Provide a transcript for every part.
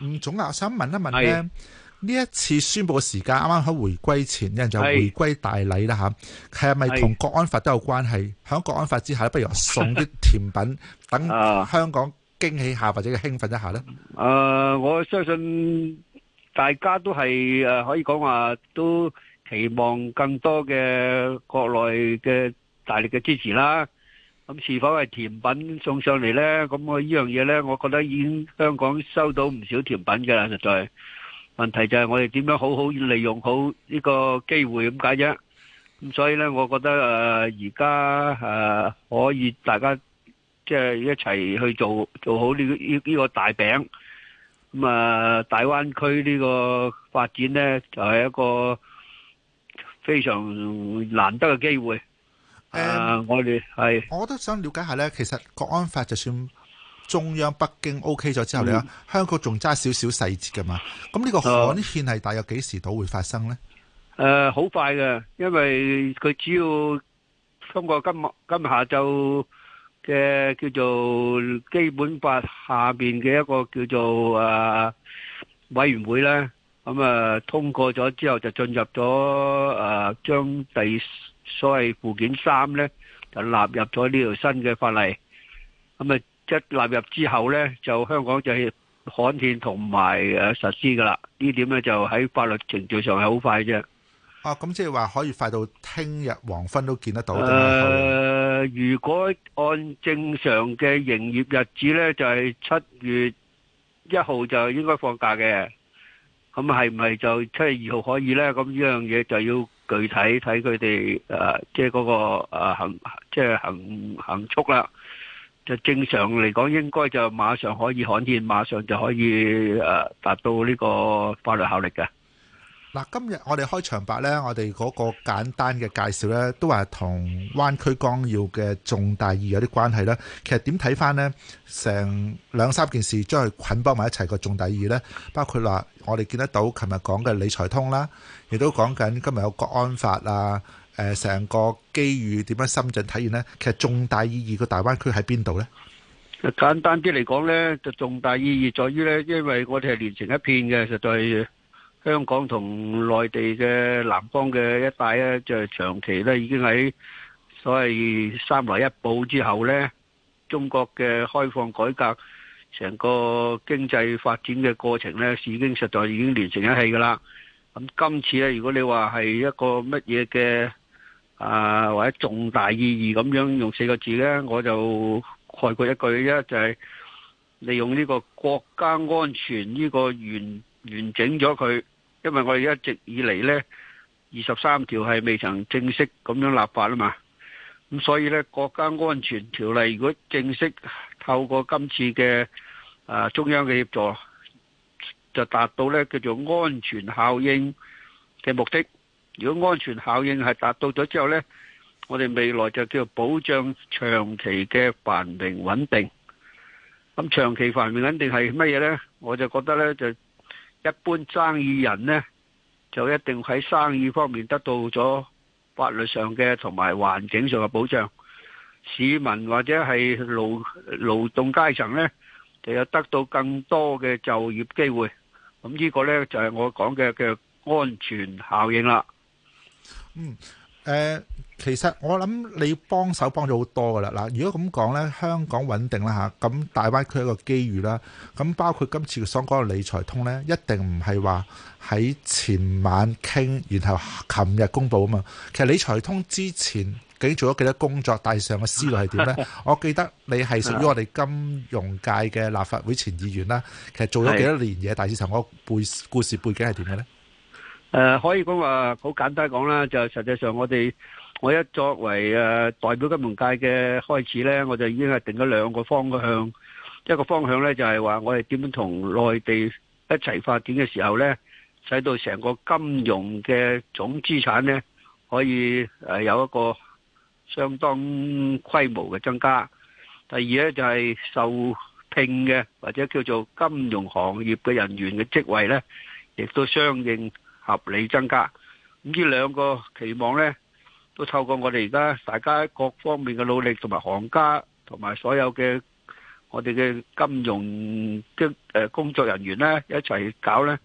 嗯，總啊，我想問一問咧，呢是一次宣佈嘅時間啱啱喺回歸前人就回歸大禮啦嚇，係咪同國安法都有關係？喺是國安法之下，不如送啲甜品 等香港驚喜下或者興奮一下咧？誒、呃，我相信大家都係、呃、可以講話都期望更多嘅國內嘅大力嘅支持啦。咁是否係甜品送上嚟呢？咁我呢樣嘢呢，我覺得已經香港收到唔少甜品噶啦，實在。問題就係我哋點樣好好利用好呢個機會咁解啫。咁所以呢，我覺得誒，而家誒可以大家即係、就是、一齊去做做好呢、呢、呢、個呢個大餅。咁啊、呃，大灣區呢個發展呢，就係、是、一個非常難得嘅機會。誒，um, uh, 我哋係，我都想了解下呢。其實國安法就算中央北京 OK 咗之後咧、嗯，你話香港仲差少少細節噶嘛。咁呢個海線係大約幾時到會發生呢？誒，好快嘅，因為佢主要通過今日今日下晝嘅叫做基本法下邊嘅一個叫做誒、啊、委員會呢。咁啊通過咗之後就進入咗誒將第。所謂附件三咧，就納入咗呢條新嘅法例。咁啊，一納入之後咧，就香港就係刊憲同埋誒實施噶啦。呢點咧就喺法律程序上係好快啫。啊，咁即係話可以快到聽日黃昏都見得到。誒，如果按正常嘅營業日子咧，就係七月一號就應該放假嘅。咁係唔係就七月二號可以咧？咁呢樣嘢就要。具體睇佢哋誒，即係嗰個誒行，即係行行速啦。就正常嚟講，應該就馬上可以刊憲，馬上就可以誒達到呢個法律效力嘅。嗱，今日我哋開場白咧，我哋嗰個簡單嘅介紹咧，都話同灣區綱要嘅重大意義有啲關係啦。其實點睇翻呢？成兩三件事將佢捆綁埋一齊嘅重大意義咧，包括話我哋見得到琴日講嘅理財通啦，亦都講緊今日有國安法啊，誒，成個機遇點樣深圳體現咧？其實重大意義個大灣區喺邊度咧？簡單啲嚟講咧，就重大意義在於咧，因為我哋係連成一片嘅，實在是。香港同內地嘅南方嘅一帶咧，就長期咧已經喺所謂三來一補之後咧，中國嘅開放改革成個經濟發展嘅過程咧，已經實在已經連成一氣噶啦。咁今次咧，如果你話係一個乜嘢嘅啊或者重大意義咁樣用四個字咧，我就概括一句咧，就係利用呢個國家安全呢個完完整咗佢。因為我哋一直以嚟呢，二十三條係未曾正式咁樣立法啊嘛，咁所以呢國家安全條例如果正式透過今次嘅啊中央嘅協助，就達到呢叫做安全效應嘅目的。如果安全效應係達到咗之後呢，我哋未來就叫做保障長期嘅繁榮穩定。咁長期繁榮穩定係乜嘢呢？我就覺得呢就。一般生意人呢，就一定喺生意方面得到咗法律上嘅同埋環境上嘅保障；市民或者係勞勞動階層呢，就有得到更多嘅就業機會。咁、嗯、呢、這個呢，就係、是、我講嘅嘅安全效應啦。嗯。呃、其實我諗你幫手幫咗好多噶啦。嗱，如果咁講咧，香港穩定啦咁、啊、大灣區一個機遇啦，咁包括今次佢所講嘅理財通咧，一定唔係話喺前晚傾，然後琴日公佈啊嘛。其實理財通之前已經做咗幾多工作，大致上嘅思路係點咧？ 我記得你係屬於我哋金融界嘅立法會前議員啦。 其實做咗幾多年，嘢是，大致上嗰背故事背景係點嘅咧？誒，可以講話好簡單講啦，就實際上我哋我一作為誒代表金融界嘅開始呢，我就已經係定咗兩個方向。一個方向呢就係話我哋點樣同內地一齊發展嘅時候呢，使到成個金融嘅總資產呢可以誒有一個相當規模嘅增加。第二呢就係受聘嘅或者叫做金融行業嘅人員嘅職位呢，亦都相應。合理增加，咁呢兩個期望咧，都透過我哋而家大家各方面嘅努力，同埋行家，同埋所有嘅我哋嘅金融嘅誒工作人員咧一齊搞咧，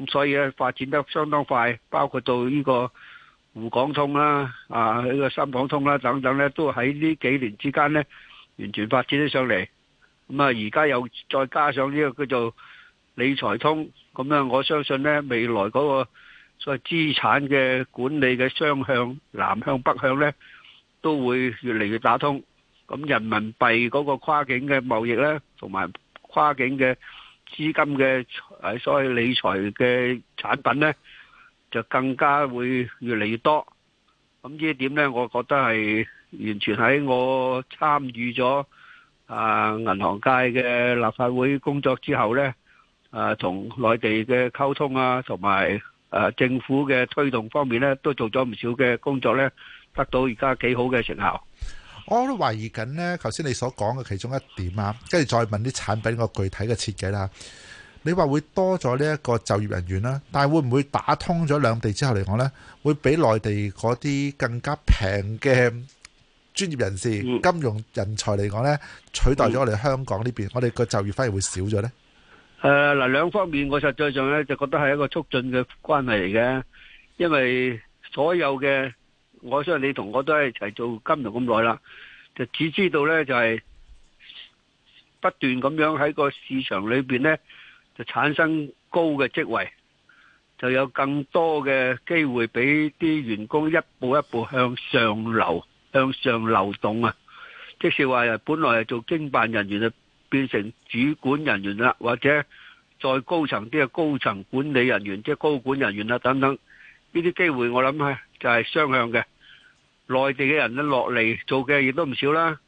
咁所以咧發展得相當快，包括到呢個滬港通啦，啊呢個深港通啦等等咧，都喺呢幾年之間咧完全發展得上嚟。咁啊，而家又再加上呢個叫做理財通，咁咧我相信咧未來嗰個。所以資產嘅管理嘅雙向南向北向呢，都會越嚟越打通。咁人民幣嗰個跨境嘅貿易呢，同埋跨境嘅資金嘅誒，所謂理財嘅產品呢，就更加會越嚟越多。咁呢一點呢，我覺得係完全喺我參與咗啊銀行界嘅立法會工作之後呢，啊同內地嘅溝通啊，同埋。誒，政府嘅推動方面咧，都做咗唔少嘅工作咧，得到而家幾好嘅成效。我都懷疑緊咧，頭先你所講嘅其中一點啊，跟住再問啲產品個具體嘅設計啦。你話會多咗呢一個就業人員啦、啊，但係會唔會打通咗兩地之後嚟講呢？會畀內地嗰啲更加平嘅專業人士、嗯、金融人才嚟講呢取代咗我哋香港呢邊，嗯、我哋個就業反而會少咗呢？誒，嗱，兩方面，我實際上咧就覺得係一個促進嘅關係嚟嘅，因為所有嘅我相信你同我都係一齊做金融咁耐啦，就只知道咧就係不斷咁樣喺個市場裏邊咧就產生高嘅職位，就有更多嘅機會俾啲員工一步一步向上流向上流動啊！即是話，本來係做經辦人員啊。變成主管人員啦，或者再高層啲嘅高層管理人員，即係高管人員啦等等，呢啲機會我諗係就係雙向嘅。內地嘅人咧落嚟做嘅亦都唔少啦。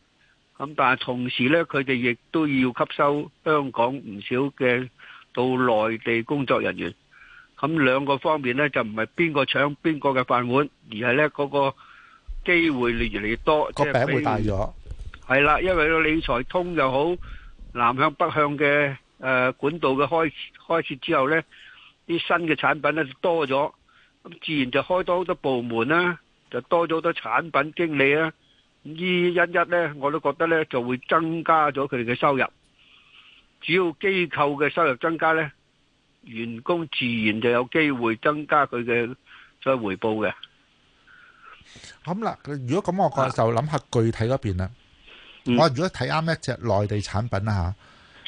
咁但係同時咧，佢哋亦都要吸收香港唔少嘅到內地工作人員。咁兩個方面咧就唔係邊個搶邊個嘅飯碗，而係咧嗰個機會越嚟越多，個餅會大咗。係啦，因為個理財通又好。南向北向嘅誒管道嘅開開設之後咧，啲新嘅產品咧就多咗，咁自然就開多好多部門啦，就多咗好多產品經理啦，咁依一一咧，我都覺得咧就會增加咗佢哋嘅收入。只要機構嘅收入增加咧，員工自然就有機會增加佢嘅所謂回報嘅。咁啦，如果咁我個就諗下具體嗰邊啦。嗯、我如果睇啱一隻內地產品啦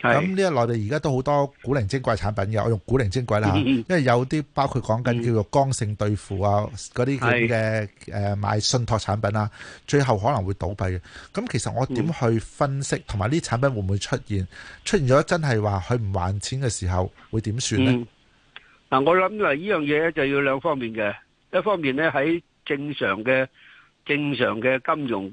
吓，咁呢個內地而家都好多古靈精怪產品嘅，我用古靈精怪啦，嗯、因為有啲包括講緊叫做剛性兌付啊，嗰啲咁嘅誒買信託產品啊，最後可能會倒閉嘅。咁其實我點去分析同埋呢啲產品會唔會出現？出現咗真係話佢唔還錢嘅時候會點算呢？嗱、嗯，我諗嗱，呢樣嘢就要兩方面嘅，一方面呢，喺正常嘅正常嘅金融。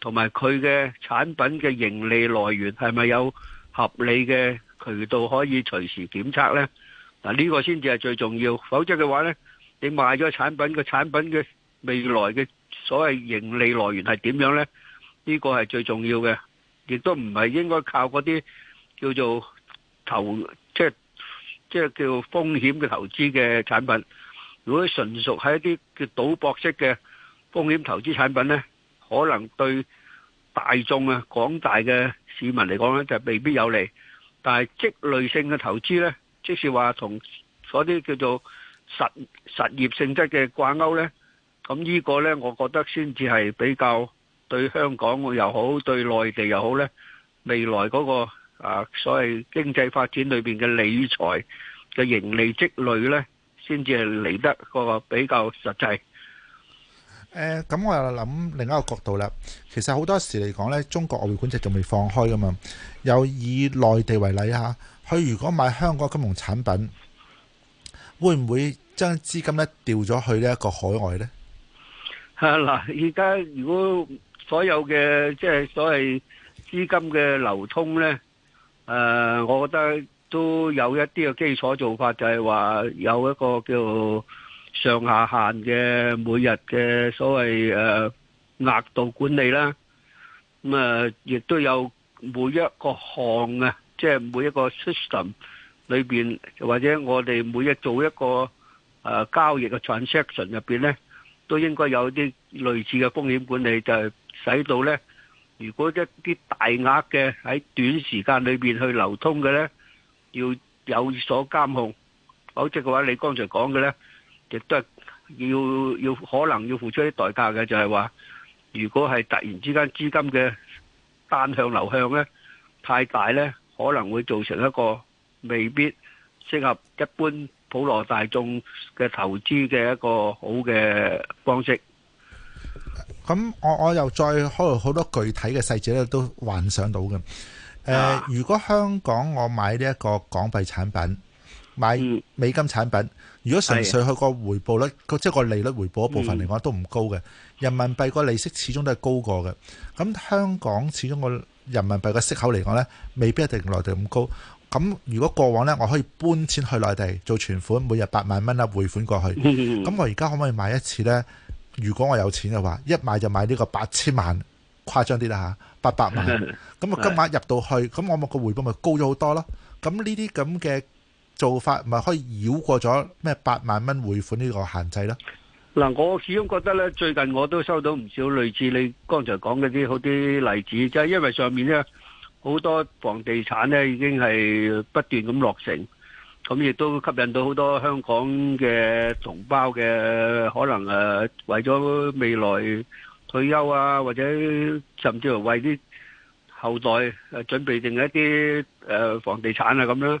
同埋佢嘅產品嘅盈利來源係咪有合理嘅渠道可以隨時檢測呢？嗱，呢個先至係最重要。否則嘅話呢，你賣咗產品，個產品嘅未來嘅所謂盈利來源係點樣呢？呢個係最重要嘅，亦都唔係應該靠嗰啲叫做投即即叫風險嘅投資嘅產品。如果純屬係一啲叫賭博式嘅風險投資產品呢，可能對大眾啊廣大嘅市民嚟講呢，就未必有利，但係積累性嘅投資呢，即是話同嗰啲叫做實實業性質嘅掛鈎呢，咁呢個呢，我覺得先至係比較對香港又好，對內地又好呢，未來嗰個啊所謂經濟發展裏邊嘅理財嘅盈利積累呢，先至係嚟得嗰個比較實際。誒咁，嗯、我又諗另一個角度啦。其實好多時嚟講呢，中國外匯管制仲未放開噶嘛。又以內地為例嚇，佢、啊、如果買香港金融產品，會唔會將資金呢調咗去呢一個海外呢？嚇嗱，而家如果所有嘅即係所謂資金嘅流通呢，誒、呃，我覺得都有一啲嘅基礎做法，就係、是、話有一個叫上下限嘅每日嘅所謂誒額度管理啦，咁啊，亦都有每一個項啊，即係每一個 system 裏邊，或者我哋每日做一個誒交易嘅 transaction 入邊咧，都應該有啲類似嘅風險管理，就係使到咧，如果一啲大額嘅喺短時間裏邊去流通嘅咧，要有所監控。否則嘅話，你剛才講嘅咧。亦都係要要可能要付出啲代價嘅，就係話如果係突然之間資金嘅單向流向咧太大咧，可能會造成一個未必適合一般普羅大眾嘅投資嘅一個好嘅方式。咁我我又再開好多具體嘅細節咧，都幻想到嘅。誒、呃，啊、如果香港我買呢一個港幣產品，買美金產品。嗯如果純粹去個回報咧，個即係個利率回報一部分嚟講都唔高嘅。人民幣個利息始終都係高過嘅。咁香港始終個人民幣個息口嚟講咧，未必一定內地咁高。咁如果過往咧，我可以搬錢去內地做存款，每日八萬蚊啦，匯款過去。咁我而家可唔可以買一次咧？如果我有錢嘅話，一買就買呢個八千萬，誇張啲啦嚇，八百萬。咁啊，金額入到去，咁我個個回報咪高咗好多囉。咁呢啲咁嘅做法咪可以繞過咗咩八萬蚊匯款呢個限制咧？嗱，我始終覺得咧，最近我都收到唔少類似你剛才講嗰啲好啲例子，就係因為上面咧，好多房地產咧已經係不斷咁落成，咁亦都吸引到好多香港嘅同胞嘅可能，誒，為咗未來退休啊，或者甚至乎為啲後代，誒準備定一啲誒房地產啊咁樣。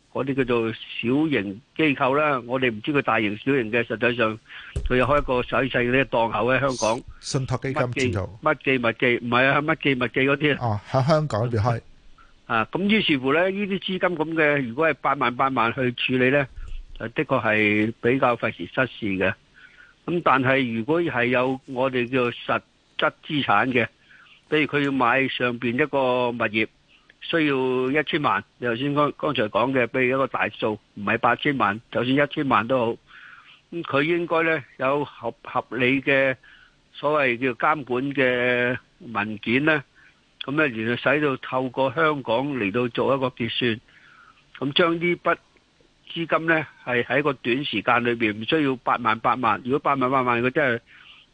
嗰啲叫做小型機構啦，我哋唔知佢大型小型嘅，實際上佢又開一個細細嘅檔口喺香港，信託基金做乜記物記？唔係啊，乜記物記嗰啲啊，喺香港嗰邊開啊。咁於是乎咧，呢啲資金咁嘅，如果係八萬八萬去處理咧，就的確係比較費時失事嘅。咁但係如果係有我哋叫實質資產嘅，譬如佢要買上面一個物業。需要一千萬，你頭先剛剛才講嘅，俾一個大數，唔係八千萬，就算一千萬都好。咁佢應該呢有合合理嘅所謂叫監管嘅文件呢，咁呢原來使到透過香港嚟到做一個結算，咁將呢筆資金呢係喺個短時間裏邊唔需要八萬八萬，如果八萬八萬佢真係。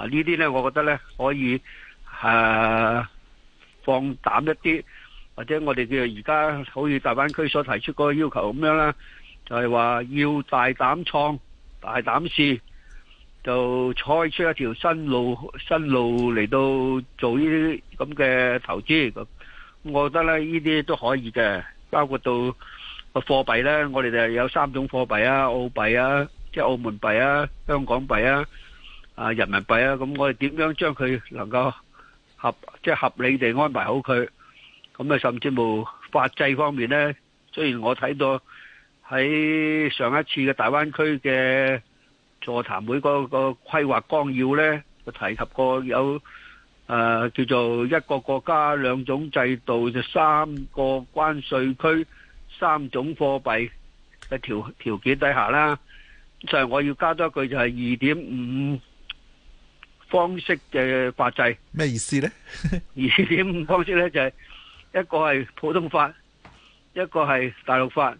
啊！呢啲呢，我覺得呢可以誒、啊、放膽一啲，或者我哋叫而家好似大灣區所提出個要求咁樣啦，就係、是、話要大膽創、大膽試，就採出一條新路、新路嚟到做呢啲咁嘅投資。咁我覺得呢，呢啲都可以嘅，包括到個貨幣呢。我哋就有三種貨幣啊，澳幣啊，即係澳門幣啊，香港幣啊。啊，人民幣啊，咁我哋點樣將佢能夠合即係合理地安排好佢？咁啊，甚至乎法制方面咧，雖然我睇到喺上一次嘅大灣區嘅座談會嗰個規劃綱要咧，就提及過有誒叫做一個國家兩種制度，就三個關稅區、三種貨幣嘅條條件底下啦。咁就我要加多一句就係二點五。方式嘅法制咩意思咧？二點五方式咧就係一個係普通法，一個係大陸法，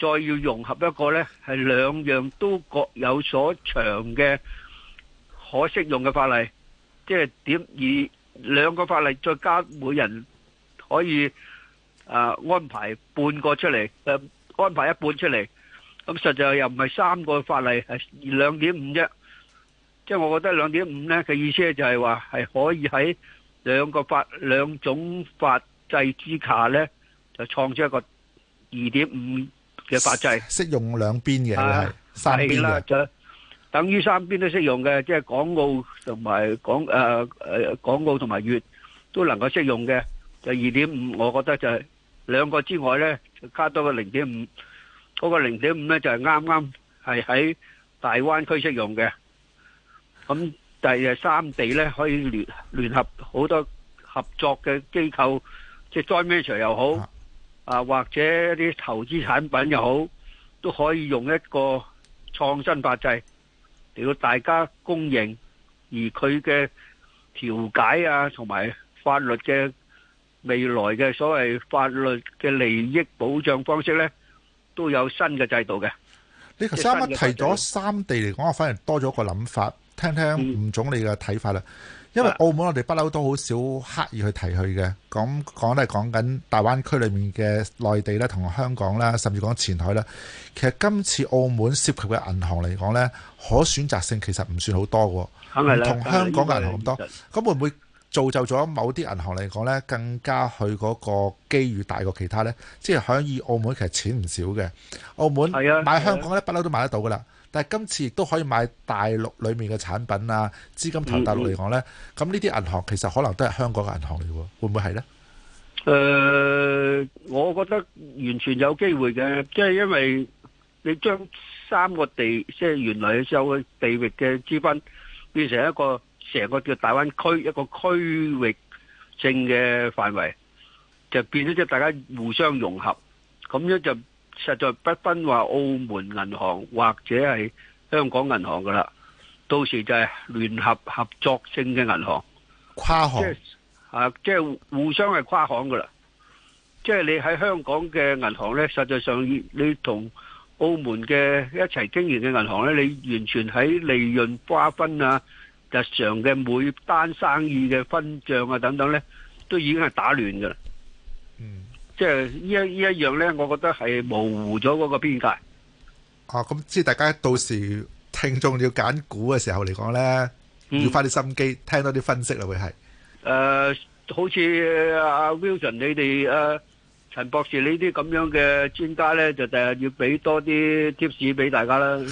再要融合一個咧係兩樣都各有所長嘅可適用嘅法例，即係點以兩個法例再加每人可以啊安排半個出嚟，誒安排一半出嚟，咁實際上又唔係三個法例係二點五啫。即係我覺得兩點五咧嘅意思咧就係話係可以喺兩個法兩種法制之下咧，就創出一個二點五嘅法制，適用兩邊嘅、啊、三邊啦就等於三邊都適用嘅。即係港澳同埋港誒誒港澳同埋粵都能夠適用嘅。就二點五，我覺得就係、是、兩個之外咧，就加多個零點五嗰個零點五咧，就係啱啱係喺大灣區適用嘅。咁第三地咧，可以聯聯合好多合作嘅機構，即係 joiner 又好，啊或者啲投資產品又好，都可以用一個創新法制嚟到大家公認，而佢嘅調解啊，同埋法律嘅未來嘅所謂法律嘅利益保障方式咧，都有新嘅制度嘅。你頭先一提咗三地嚟講，我反而多咗個諗法。聽聽吳總你嘅睇法啦，嗯、因為澳門我哋不嬲都好少刻意去提佢嘅，講講都係講緊大灣區裏面嘅內地啦，同香港啦，甚至講前海啦，其實今次澳門涉及嘅銀行嚟講呢，可選擇性其實唔算好多喎，同香港嘅銀行咁多。咁會唔會造就咗某啲銀行嚟講呢？更加去嗰個機遇大過其他呢？即係響以澳門其實錢唔少嘅，澳門買香港呢，不嬲都買得到噶啦。但今次亦都可以買大陸裏面嘅產品啊！資金投入大陸嚟講咧，咁呢啲銀行其實可能都係香港嘅銀行嚟，會唔會係咧？誒、呃，我覺得完全有機會嘅，即、就、係、是，因為你將三個地，即、就、係、是、原來嘅三個地域嘅資金變成一個成個叫大灣區一個區域性嘅範圍，就變咗即係大家互相融合，咁樣就。實在不分話澳門銀行或者係香港銀行噶啦，到時就係聯合合作性嘅銀行，跨行即係、啊，即係互相係跨行噶啦。即係你喺香港嘅銀行呢，實際上你同澳門嘅一齊經營嘅銀行呢，你完全喺利潤瓜分啊、日常嘅每單生意嘅分賬啊等等呢，都已經係打亂噶啦。嗯。即係呢一呢一樣咧，我覺得係模糊咗嗰個邊界。啊，咁即係大家到時聽眾要揀股嘅時候嚟講咧，嗯，要花啲心機，聽多啲分析啦，會係。誒，好似阿 Wilson，你哋誒。啊陳博士這這呢啲咁樣嘅專家咧，就第日要俾多啲貼士俾大家啦。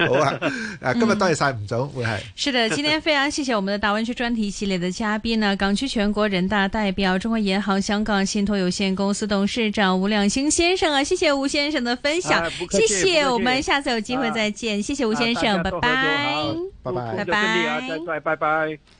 好啊，誒，今日多謝晒唔走，會係是。是的，今天非常謝謝我們的大灣區專題系列的嘉賓呢、啊， 港區全國人大代表、中國銀行香港信託有限公司董事長吳亮星先生啊，謝謝吳先生的分享，啊、謝謝我們下次有機會再見，啊、謝謝吳先生，拜拜，拜拜，拜拜，拜拜。拜拜。